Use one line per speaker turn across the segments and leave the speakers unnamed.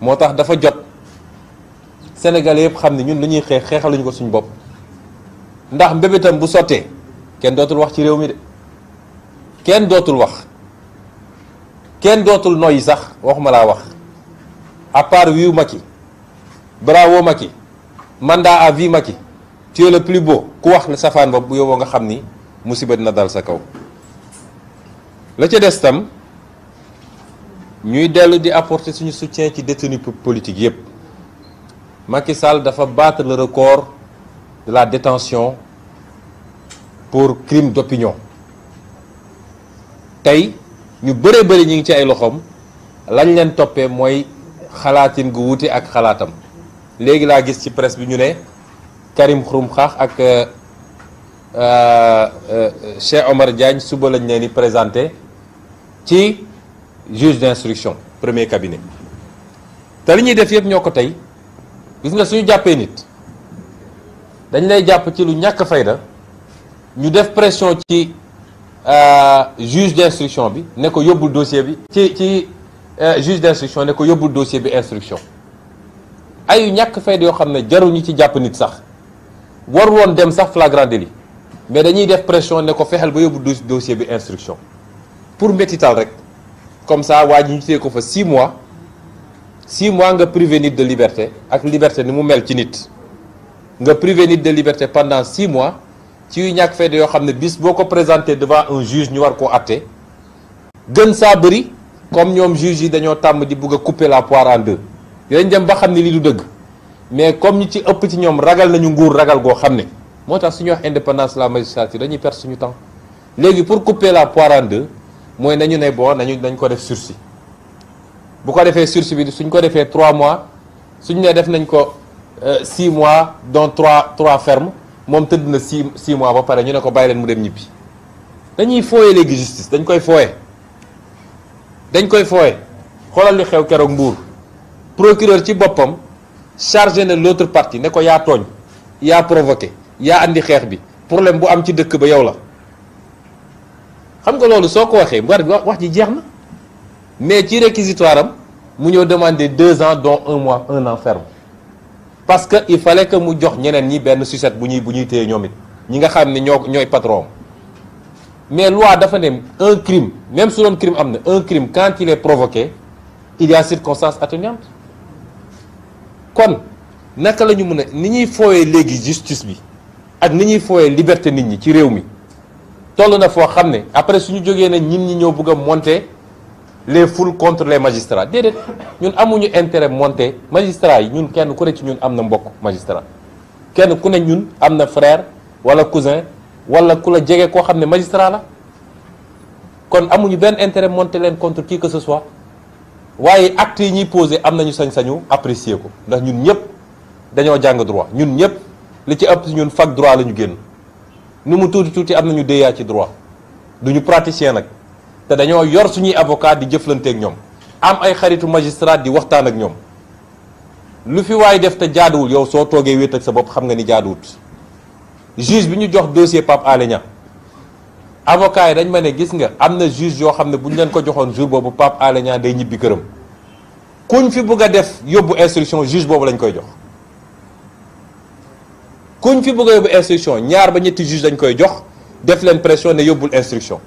moo tax dafa jot sénégalais yëpp xam ne ñun lu ñuy xeex xeexaluñu ko suñu bopp ndax mbébétam bu sottee kenn dootul wax ci réew mi de kenn dootul wax kenn dootul noyyi sax waxuma laa wax à part wiiw Macky bravo Macky mandat à vie Macky tu es le plus bo ku wax la safaan ba bu yowoo nga xam ni musiba na dal sa kaw la ca des tam ñuy dellu di apporter suñu soutien ci détenu politique yépp Macky Sall dafa battre le record de la détention pour crime d'opinion tey ñu bëree bëri ñu ngi ci ay loxoom lañ leen toppee mooy xalaatin gu wuute ak xalaatam léegi laa gis ci presse bi ñu ne Karim Xrum xaax ak euh, euh, euh, Cheikh Omar Diagne suba lañ leen di présenté ci juge d'instruction premier cabinet te li ñuy def yëpp ñoo ko tey gis nga suñu jàppee nit dañ lay jàpp ci lu ñàkk fayda ñu def pression ci euh, juge d'instruction bi ne ko yóbbul dossier bi ci ci euh, juge d'instruction ne ko yóbbul dossier bi instruction ayu ñàkk fayda yoo xam ne jaruñu ci jàpp nit sax war woon dem sax flagrant délit mais dañuy def pression ne ko fexeel ba yóbbu dossier bi instruction pour métital rek comme ça waa ji ñu téye ko fa 6 mois 6 mois nga privé nit de liberté ak liberté ni mu mel ci nit nga privé nit de liberté pendant 6 mois ci ñàkk fayda yoo xam ne bis boo ko présenté devant un juge ñu war koo atte gën saa bëri comme ñoom juge yi dañoo tàmm di bugg a couper la poire en deux yooyu dem ba xam ne lii du dëgg mais comme ni ci ëpp ci ñoom ragal nañu nguur ragal goo xam ne moo tax suñuy indépendance la magistrature dañuy perdre suñu temps léegi mooy nañu ne boo nañu dañ ko def sursis bu ko defee sursis bi suñ ko defee trois mois suñ ne def nañ ko 6 euh, mois dont 3 3 fermes moom tëdd na 6 6 mois ba pare ñu ne ko bàyyi leen mu dem ñibbi dañuy fooye léegi justice dañ koy fooye dañ koy fooye xoolal li xew keroog mbuur procureur ci boppam chargé na l'autre partie ne ko yaa tooñ yaa provoqué yaa indi xeex bi problème bu am ci dëkk ba yow la xam nga loolu soo ko waxee war wax ji jeex na mais ci réquisitoire am mu ñëw demander deux ans dont un mois un an ferme parce que il fallait que mu jox ñeneen ñi benn sucette bu ñuy bu ñuy téye ñoom it ñi nga xam ne ñoo ñooy patron mais loi dafa ne un crime même su doon crime am na un crime quand il est provoqué il y circonstance atténuante kon naka la ñu mën a ni ñuy fooyee léegi justice bi ak ni ñuy fooyee liberté nit ñi ci réew mi toll na foo xam ne après suñu jógee ne ñin ñi ñëw bëgg a monter les foules contre les magistrats déedéet ñun amuñu intérêt monter magistrats yi ñun kenn ku ne ci ñun am na mbokk magistrat kenn ku ne ñun am na frère wala cousin wala ku la jege koo xam ne magistra la kon amuñu benn intérêt monter leen contre qui que ce soit waaye actes yi ñuy posé am nañu sañ-sañu apprécier ko ndax ñun ñëpp dañoo jàng droit ñun ñëpp li ci ëpp ñun fac droit la ñu génn ni mu tuuti tuuti am nañu déyaa ci droit ñu praticien nag te dañoo yor suñuy avocat di jëflanteeg ñoom am ay xaritu magistrat di waxtaan ak ñoom lu fi waay def te jaaduwul yow soo toogee wéet ak sa bopp xam nga ni jaaduwut juge bi ñu jox dossier Pape Alé Niang avocat yi dañ ma ne gis nga am na juge yoo xam ne bu ñu leen ko joxoon jour boobu Pape Alé Niang day ñibbi këram kuñ fi bëgg a def yóbbu instruction juge boobu lañ koy jox kuñ fi bëgg a yóbbu instruction ñaar ba ñetti juge dañ koy jox def leen pression ne yóbbul instruction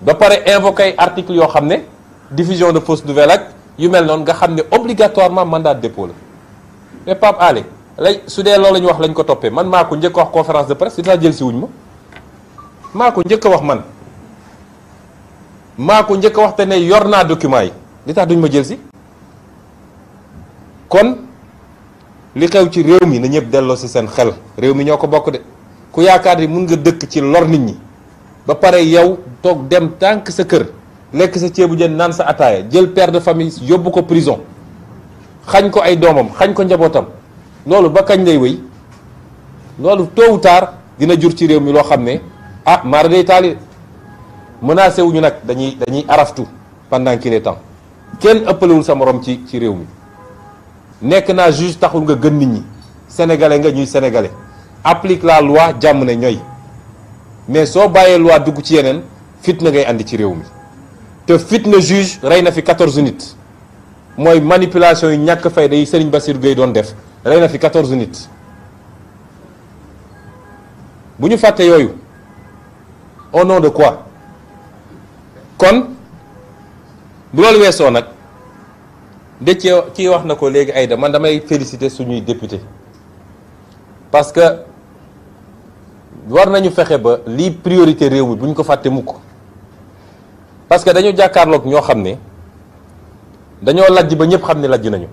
ba pare invoqué article yoo xam ne diffusion de fausse nouvelle ak yu mel noonu nga xam ne obligatoirement mandat de dépôt la mais Pape Alé lay su dee loolu la ñu wax lañ ko toppee man maa ko njëkk wax conférence de presse li tax jël si wuñ ma maa njëkk wax man maa ko njëkk wax te ne yor naa document yi li tax duñ ma jël si kon li xew ci réew mi na ñëpp delloo si seen xel réew mi ñoo ko bokk de ku yaakaar ni mun nga dëkk ci lor nit ñi ba pare yow toog dem tànk sa kër lekk sa ceebu jën naan sa ataaya jël père de famille yóbbu ko prison xañ ko ay doomam xañ ko njabootam loolu ba kañ lay wéy loolu tôt ou tard dina jur ci réew mi loo xam ne ah maara day taali menacé wuñu nag dañuy dañuy araftu pendant qu'il est temps kenn ëppalewul sa moroom ci ci réew mi nekk naa juge taxul nga gën nit ñi sénégalais nga ñuy sénégalais applique la loi jàmm ne ñooy mais soo bàyyee loi dugg ci yeneen fitna ngay andi ci réew mi te fitna juge rey na fi 14 nit mooy manipulation yu ñàkk fayda yi Serigne Bassirou Gueye doon def rey na fi 14 nit bu ñu fàtte yooyu au nom de quoi kon bu loolu weesoo nag de kii wax na ko léegi Aïda man damay féliciter suñuy député parce que war nañu fexe ba lii priorité réew mi bu ko fàtte mukk parce que dañu jàkkaarlook ñoo xam ne dañoo lajj ba ñëpp xam ne lajj nañu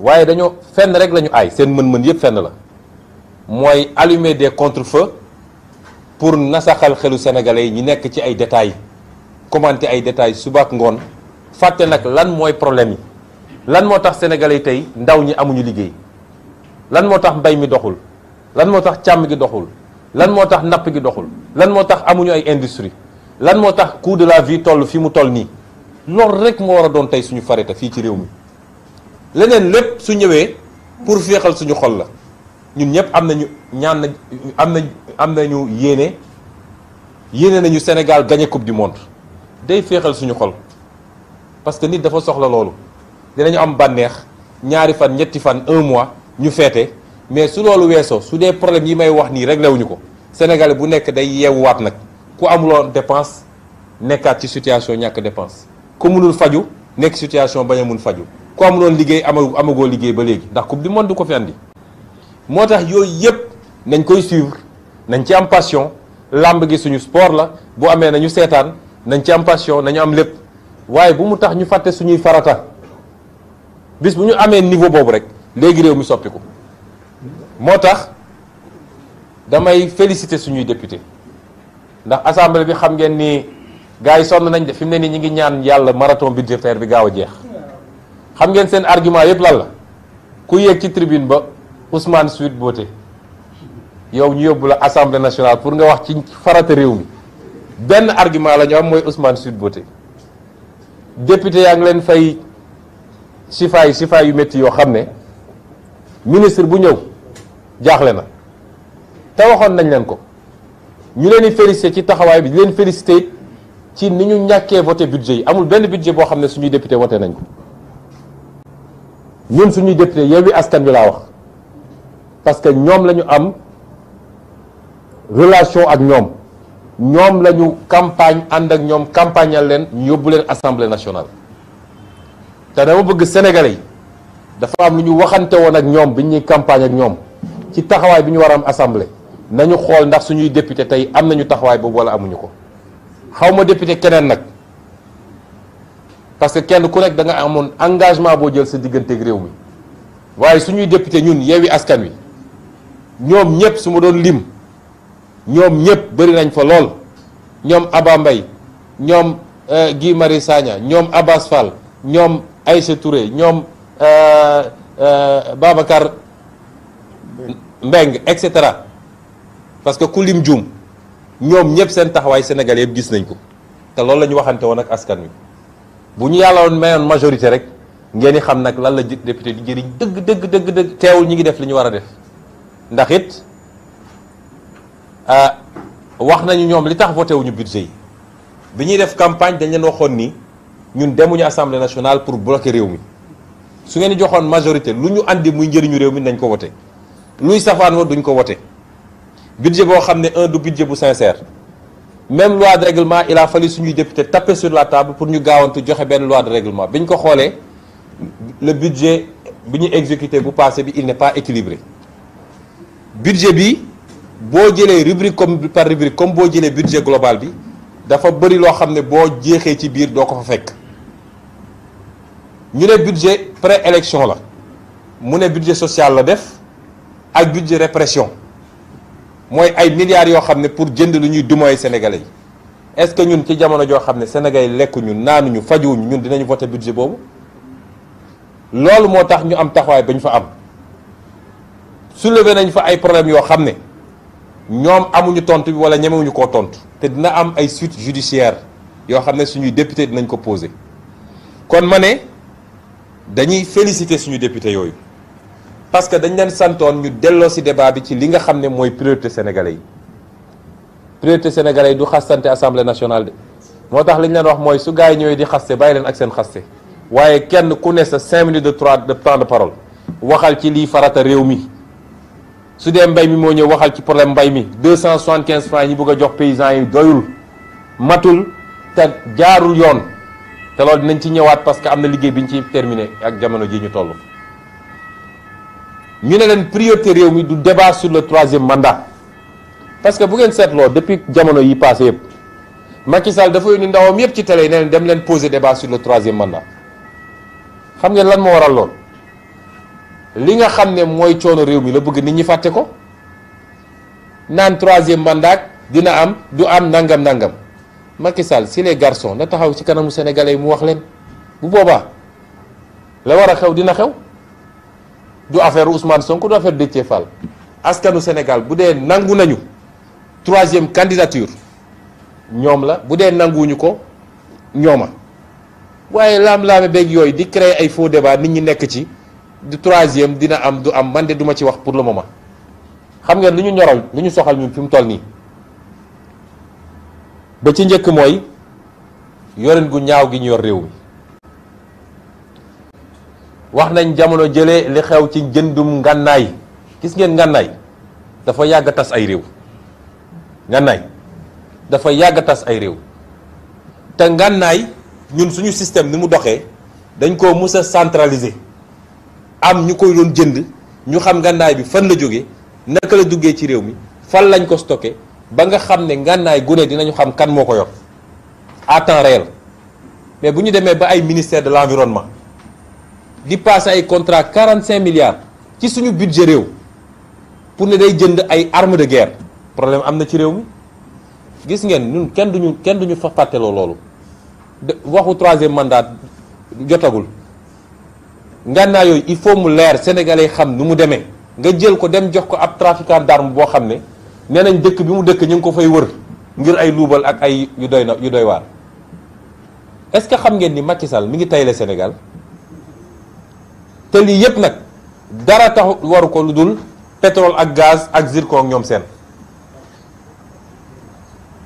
waaye dañoo fenn rek lañu aay seen mën-mën yëpp fenn la mooy allumer des contre-feux pour nasaxal xelu sénégalais yi ñu nekk ci ay détails commenter ay détails suba ak ngoon. fàtte nag lan mooy problème yi lan moo tax yi tey ndaw ñi amuñu liggéey lan moo tax mbay mi doxul lan moo tax càmm gi doxul lan moo tax napp gi doxul lan moo tax amuñu ay industrie lan moo tax coût de la vie toll fi mu toll nii loolu rek moo war a doon tey suñu fareta fii ci réew mi leneen lépp su ñëwee pour féexal suñu xol la ñun ñëpp am nañu ñaan na am na ñu yéene yéene nañu Sénégal gagné coupe du monde day féexal suñu xol parce que nit dafa soxla loolu dinañu am bànneex ñaari fan ñetti fan un mois ñu feete mais su loolu weesoo su dee problème yi may wax nii réglé wuñu ko sénégalais bu nekk day yeewuwaat nag ku amuloon dépense nekkaat ci situation ñàkk dépense ku munul faju nekk situation bañ a mun faju ku amuloon liggéey ama amagoo liggéey ba léegi ndax coupe du monde du ko fi andi moo tax yooyu yëpp nañ koy suivre nañ ci am passion làmb gi suñu sport la bu amee nañu seetaan nañ ci am passion nañu am lépp waaye bu mu tax ñu fàtte suñuy farata bis bu ñu amee niveau boobu rek léegi réew mi soppiku moo tax damay féliciter suñuy député ndax assemblée bi xam ngeen nii gars yi sonn nañ de fi mu ne nii ñu ngi ñaan yàlla marathon budgétaire bi gaaw a jeex xam ngeen seen argument yëpp lan la ku yéeg ci tribune ba Ousmane Suite Boote yow ñu yóbbu la assemblée nationale pour nga wax ci farata réew mi benn argument la ñu am mooy Ousmane Suite Boote. député yaa ngi leen fay sifaay sifaay yu métti yoo xam ne ministre bu ñëw jaaxle na te waxoon nañ leen ko ñu leen di félicité ci taxawaay bi ñu leen félicité ci ni ñu ñàkkee voté budget yi amul benn budget boo xam ne suñuy député voté nañ ko ñun suñuy député Yewwi Askan Wi laa wax parce que ñoom la ñu am relation ak ñoom ñoom lañu ñu campagne ànd ak ñoom campagnal leen ñu yóbbu leen assemblée nationale te dama bëgg sénégalais yi dafa am lu ñu waxante woon ak ñoom bi ñuy campagne ak ñoom ci taxawaay bi ñu war a am assemblée nañu xool ndax suñuy député tey am na ñu taxawaay boobu wala amuñu ko xaw ma député keneen nag parce que kenn ku nekk da nga amoon engagement boo jël sa ak réew mi waaye suñuy député ñun yeewi askan wi ñoom ñëpp su ma doon lim. ñoom ñëpp bari nañ fa lool ñoom Aba mbay ñoom euh, Guy Marius ñoom Abass Fall ñoom Aïssa Touré ñoom euh, euh, Babacar Mbeng et cetera parce que ku lim juum ñoom ñëpp seen taxawaay Sénégal yëpp gis nañ ko te loolu la ñu waxante woon ak askan wi bu ñu yàlla woon mayoon majorité rek ngeen di xam nag lan la député di jëriñ dëgg dëgg dëgg dëgg teewul ñu ngi def li ñu war a def ndax it Euh, wax nañu ñoom li tax voté wuñu budget yi bi ñuy def campagne dañ leen waxoon ni ñun demuñu assemblée nationale pour bloquer réew mi su ngeen joxoon majorité lu ñu indi muy njëriñu réew mi nañ ko voté luy safaan wa duñ ko voté budget boo xam ne un du budget bu sincère même loi de règlement il a fallu suñuy député taper sur la table pour ñu gaawantu joxe benn loi de règlement bi ñu ko xoolee le budget bi ñu exécuté bu passé bi il n'est pas équilibré bi boo jëlee rubrique comme par rubrique comme boo jëlee budget global bi dafa bëri loo xam ne boo jeexee ci biir doo ko fa fekk ñu ne budget pré élection la mu ne budget social la def ak budget répression mooy ay milliards yoo xam ne pour jënd lu ñuy dumooy sénégalais yi est-ce que ñun ci jamono joo xam ne sénégalais yi lekku lekkuñu naanuñu fajuwuñu ñun dinañu voter budget boobu loolu moo tax ñu am taxawaay ba ñu fa am soulever nañ fa ay problèmes yoo xam ne ñoom amuñu tontu bi wala ñemewuñu koo tontu te dina am ay suites judiciaires yoo xam ne suñuy député dinañ ko posé kon ma ne dañuy féliciter suñu député yooyu parce que dañ leen santoon ñu delloo ci débat bi ci li nga xam ne mooy priorité sénégalais yi priorité sénégalais yi du xastante assemblée nationale de moo tax li leen wax mooy su gars ñëwee di xaste bàyyi leen ak seen xaste waaye kenn ku ne sa cinq minutes de trois de temps de parole waxal ci lii farata réew mi su dee mbay mi moo ñëw waxal ci problème mbay mi deux cent soixante quinze francs yi bëgg a jox paysans yi doyul matul te jaarul yoon te loolu dinañ ci ñëwaat parce que am na liggéey bi ñu ci terminé ak jamono ji ñu toll ñu ne leen priorité réew mi du débat sur le troisième mandat parce que bu ngeen seetloo depuis jamono yi passé yëpp Macky Sall dafa yónni ndawam yëpp ci télé yi ne leen dem leen poser débat sur le troisième mandat xam ngeen lan moo waral lool li nga xam ne mooy coono réew mi la bëgg nit ñi fàtte ko naan troisième mandat dina am du am nangam nangam Macky Sall si les garçons na taxaw ci kanamu sénégalais yi mu wax leen bu boobaa la war a xew dina xew du affaire Ousmane sonk du affaire Déthié Fall askanu Sénégal bu dee nangu nañu troisième candidature ñoom la bu dee nanguwuñu ko ñooma waaye laam-laame beeg yooyu di créer ay faux baa nit ñi nekk ci. du troisième dina am du am man de duma ci wax pour le moment xam ngeen lu ñu ñoral lu ñu soxal ñun fi mu toll nii ba ci njëkk mooy yorin gu ñaaw gi ñu yor réew mi wax nañ jamono jële li xew ci jëndum ngànnaay gis ngeen ngànnaay dafa yàgg tas ay réew ngànnaay dafa yàgg tas ay réew te ngànnaay ñun suñu système ni mu doxee dañ koo musa a centraliser am ñu koy doon jënd ñu xam ngànnaay bi fan la jóge naka la duggee ci réew mi fan lañ ko stocké ba nga xam ne ngànnaay gune dinañu xam kan moo ko yor à temps réel mais bu ñu demee ba ay ministère de l'environnement di passé ay contrat 45 milliards ci suñu budget réew pour ne day jënd ay arme de guerre problème am na ci réew mi gis ngeen ñun kenn duñu kenn duñu fa fàtteloo loolu waxu troisième mandat jotagul ngànnaa yooyu il faut mu leer sénégalais xam nu mu demee nga jël ko dem jox ko ab trafiquant d'arme boo xam ne nee nañ dëkk bi mu dëkk ñu ngi ko fay wër ngir ay luubal ak ay yu doy na yu doy waar est-ce que xam ngeen ni Macky Sall mi ngi tayle senegal te lii yëpp nag dara tax waru ko lu dul pétrole ak gaz ak zircon ñoom seen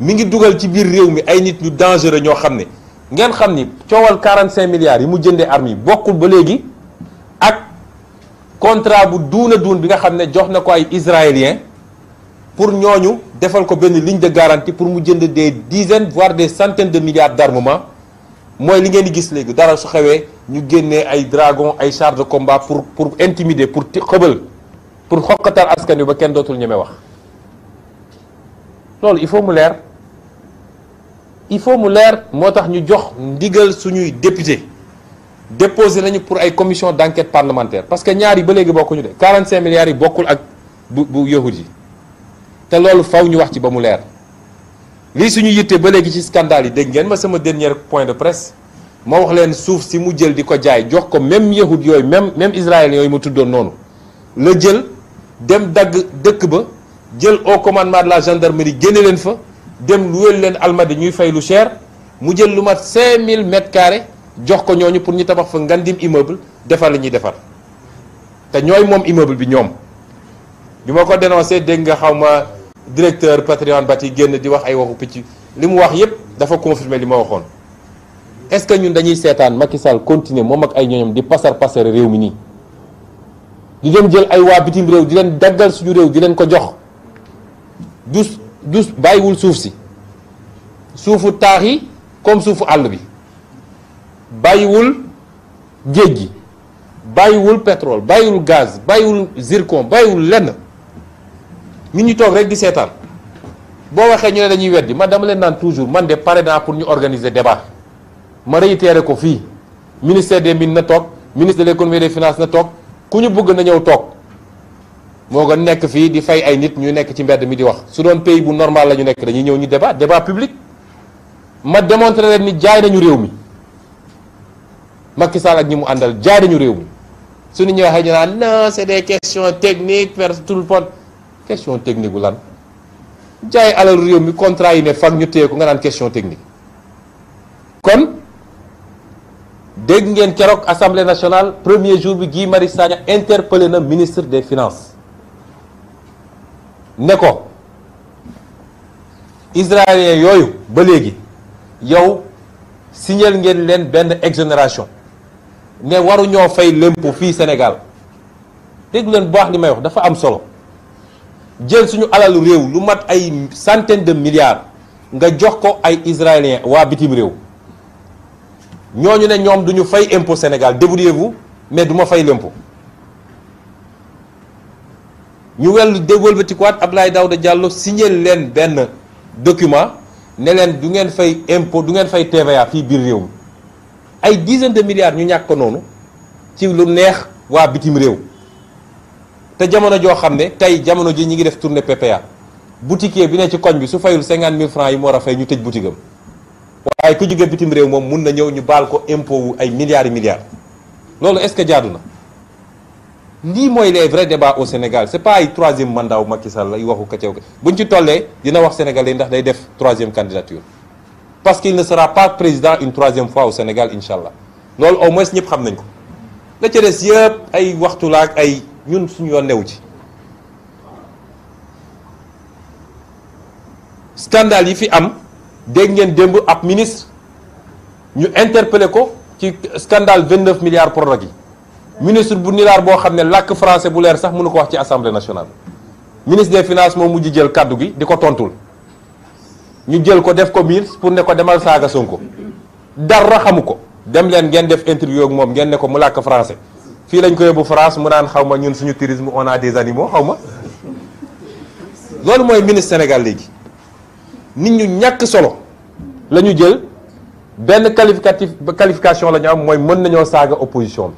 mi ngi dugal ci biir réew mi ay nit ñu dangereux ñoo xam ne ngeen xam ni coowal 45 milliards yi mu jëndee armes yi bokkul ba léegi ak contrat bu duuna duun bi nga xam ne jox na ko ay israélien pour ñoo ñu defal ko benn ligne de garantie pour mu jënd des dizaines voire des centaines de milliards d'armement mooy li ngeen di gis léegi dara su xewee ñu génnee ay dragon ay chars combat pour pour intimider pour xëbal pour xoqatal askan wi ba kenn dootul ñeme wax loolu il faut mu leer il faut mu leer moo tax ñu jox ndigal suñuy député déposé nañu pour ay commission d' enquête parlementaire parce que ñaar yi ba léegi bokkuñu de 45 milliards yi bokkul ak bu bu yahud yi te loolu faw ñu wax ci ba mu leer lii suñu yitte ba léegi ci scandale yi dégg ngeen ma sama dernier point de presse ma wax leen suuf si mu jël di ko jaay jox ko même yahud yooyu même même israélien yooyu mu tuddoon noonu la jël dem dagg dëkk ba jël au commandement de la gendarmerie génne leen fa dem luwel leen almadi ñuy fay lu cher mu jël lu mat 5000 mètres carrés jox ko ñooñu pour ñu tabax fa ngandim immeuble defar la ñuy defar te ñooy moom immeuble bi ñoom bi ma ko dénoncé dégg nga xaw ma directeur bat bâti génn di wax ay waxu picc li mu wax yépp dafa confirmer li ma waxoon est-ce que ñun dañuy seetaan Macky Sall continuer moom ak ay ñooñam di pasar pasar réew mi nii di dem jël ay waa bitim réew di leen daggal suñu réew di leen ko jox dus dus bàyyiwul suuf si suufu taax yi comme suufu àll bi bàyyiwul géej gi bàyyiwul petrol bàyyiwul gaz bàyyiwul zircon bàyyiwul lenn ñun ñu toog rek di seetaan boo waxee ñu ne dañuy weddi ma dama leen naan toujours man de pare naa pour ñu organiser débat ma réitéré ko fii ministère de mines na toog ministre de l'économie et des na toog ku ñu bëgg na ñëw toog moo gën nekk fii di fay ay nit ñu nekk ci mbedd mi di wax su doon pays bu normal la ñu nekk dañuy ñëw ñu débat débat public ma démontré leen ni jaay réew mi. Macky Sall ak ñi mu àndal jaariñu réew mi suñu ñëwee xëy na non c'est des questions techniques vers tout le monde question technique wu lan jaay alalu réew mi contrat yi ne fag ñu téye ko nga naan question technique kon dégg ngeen keroog assemblée nationale premier jour bi Guy Marius Sagna interpellé na ministre des finances ne ko israélien yooyu ba léegi yow signal ngeen leen benn exonération ne waruñoo fay l'impôt fii Sénégal dégg leen baax li may wax dafa am solo jël suñu alalu réew lu mat ay centaine de milliards nga jox ko ay israéliens waa bitim réew ñoo ñu ne ñoom duñu fay impo Sénégal débrouillez-vous mais duma fay l'impôt ñu wel déwëlbatikuwaat Abdoulaye Daouda Diallo signé leen benn document ne leen du ngeen fay impôt du ngeen fay TVA fii biir réew ay dizaine de milliards ñu ñàkk noonu ci lu neex waa bitim réew te jamono joo xam ne tey jamono ji ñu ngi def tournée PPA boutiquier bi ne ci koñ bi su fayul cinquante mille francs yi moo war a ñu tëj boutique am waaye ku jóge bitim réew moom mun na ñëw ñu baal ko impôt wu ay milliards yi milliards loolu est-ce que jaadu na lii mooy les vrais ba au Sénégal c'est pas ay troisième mandat wu Macky waxu la waxu kacew buñ ci tollee dina wax sénégalais ndax day def troisième candidature parce qu'il ne sera pas président une troisième fois au Sénégal incha loolu au moins ñëpp xam nañ ko la ca des yëpp ay waxtu la ak ay ñun suñu yoon new ci. scandale yi fi am dégg ngeen démb ab ministre ñu interpellé ko ci scandale 29 milliards prorog yi ministre bu nilaar boo xam ne làkk français bu leer sax mënu ko wax ci assemblée nationale ministre des finances moo mujj jël kàddu gi di ko tontul. ñu jël ko def ko miir pour ne ko demal saaga Sonko dara xamu ko dem leen ngeen def interview ak moom ngeen ne ko mu làkk français fii lañ ko yóbbu France mu naan xaw ma ñun suñu tourisme on a des animaux xaw ma loolu mooy ministre Sénégal léegi nit ñu ñàkk solo la ñu jël benn qualificatif qualification la ñu am mooy mën nañoo saaga opposition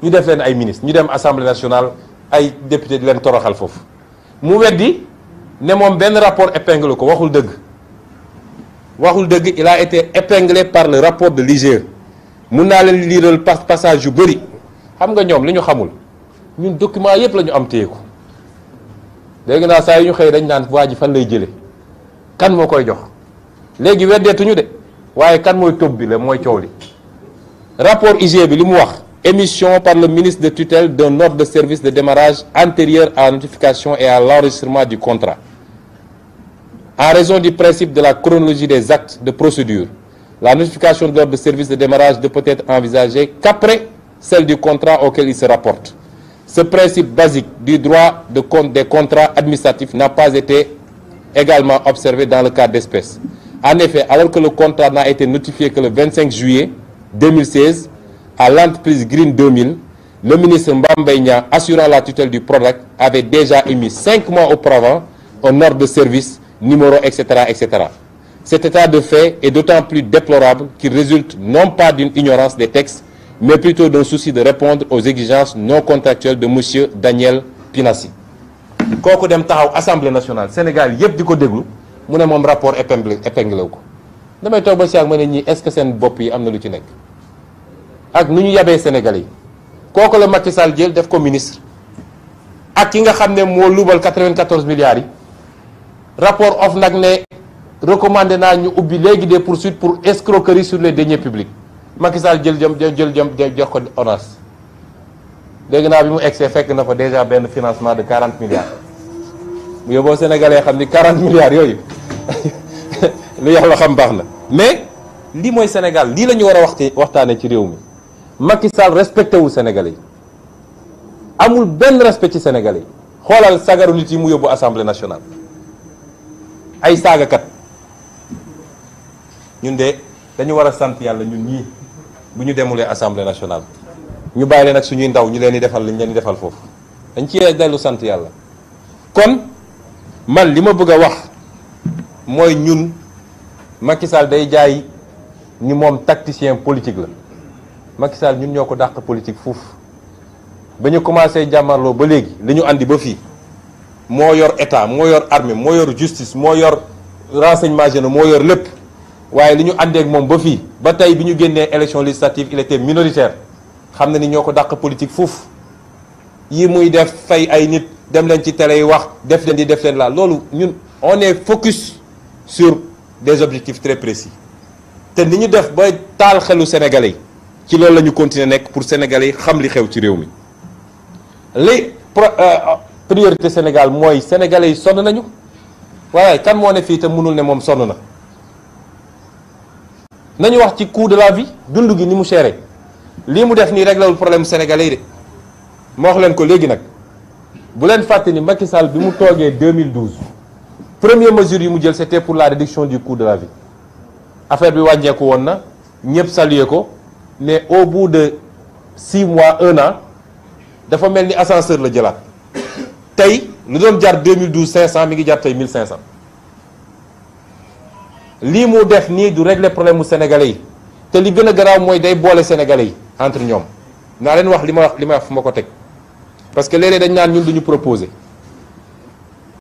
bi ñu def leen ay ministre ñu dem assemblée nationale ay député di leen toroxal foofu mu weddi ne moom benn rapport épingle ko waxul dëgg waxul dëgg il a été épinglé par le rapport de l'IGE mun naa leen liiral passage yu bëri xam nga ñoom li ñu xamul ñun document yëpp la ñu am téye léegi dégg naa saa yu ñu xëy dañ naan waa ji fan lay jële kan moo koy jox léegi weddeetuñu de waaye kan mooy tóob bi la mooy coow li rapport IGE bi li mu wax émission par le ministre de tutelle d'un ordre de service de démarrage antérieur à la notification et à l'enregistrement du contrat En raison du principe de la chronologie des actes de procédure, la notification de l'ordre de service de démarrage ne peut être envisagée qu'après celle du contrat auquel il se rapporte. Ce principe basique du droit de compte des contrats administratifs n'a pas été également observé dans le le contrat n'a été notifié que le 25 juillet 2016 à l'entreprise Green 2000, le ministre Mbambeigna, assurant la tutelle du PRODAC, avait déjà émis cinq mois auparavant un ordre de service numéro, etc., etc. Cet état de fait est d'autant plus déplorable qu'il résulte non pas d'une ignorance des textes, mais plutôt d'un souci de répondre aux exigences non contractuelles de monsieur Daniel Pinassi. kooku dem taxaw assemblée nationale Sénégal yëpp di ko déglu mu ne moom rapport épinglé épinglé ko damay toog ba si ak ma ne ñii est-ce que seen bopp yi am na lu ci nekk ak nu ñu yabee Sénégal yi kooku la Macky Sall jël def ko ministre ak ki nga xam ne moo luubal 94 milliards rapport nag ne recommandé naa ñu ubbi léegi de poursuites pour escroquerie sur les deniers publics Macky Sall jël jëm jël jëm jox ko ONAS léegi naa bi mu egsee fekk na fa déjà benn financement de 40 milliards bu yóbboo sénégalais xam ni 40 milliards yooyu lu yàlla xam baax na mais lii mooy Sénégal lii la ñu war a waxti waxtaanee ci réew mi Macky Sall respecté wul sénégalais yi amul benn respect ci sénégalais yi xoolal sagaru nit yi mu yóbbu assemblée nationale. ay saagakat ñun de dañu war a sant yàlla ñun ñii bu ñu demulee assemblée nationale ñu bàyyi leen ak suñuy ndaw ñu leen di defal liñ leen di defal foofu dañ ci dellu sant yàlla kon man li ma bëgg a wax mooy ñun Macky Sall day jaay ni moom tacticien politique la Macky Sall ñun ñoo ko dàq politique foofu ba ñu commencé jàmmarloo ba léegi li àndi ba fii moo yor état moo yor armée moo yor justice moo yor renseignement généraux moo yor lépp waaye li ñu àndeek moom ba fii ba tey bi ñu génnee élection législative il était minoritaire xam na ni ñoo ko dàq politique fuuf yi muy def fay ay nit dem leen ci télé yi wax def leen di def leen laa loolu ñun on est focus sur des objectifs très précis te ni ñu def ba taal xelu sénégalais yi ci loolu la ñu continuer nekk pour sénégalais yi xam li xew ci réew mi priorité Sénégal mooy sénégalais yi sonn nañu waaye kan moo ne fii te mënul ne moom sonn na nañu wax ci coût de la vie dund gi ni mu chéré lii mu def nii réglewul problème sénégalais yi de ma wax leen ko léegi nag bu leen fàtte ni Macky Sall bi mu toogee 2012 première mesure yi mu jël c'était pour la réduction du coût de la vie affaire bi wàññeeku woon na ñëpp saluer ko ne au bout de six mois un an dafa mel ni ascenseur la jëlaat. tey lu doon jar 2012 500 mi ngi jar tey 1500 lii mu def nii du régler problème mu sénégalais yi te li gën a garaaw mooy day boole sénégalais yi entre ñoom naa leen wax li ma wax li ma wax fu ma ko teg parce que léeg dañ naan ñun duñu proposer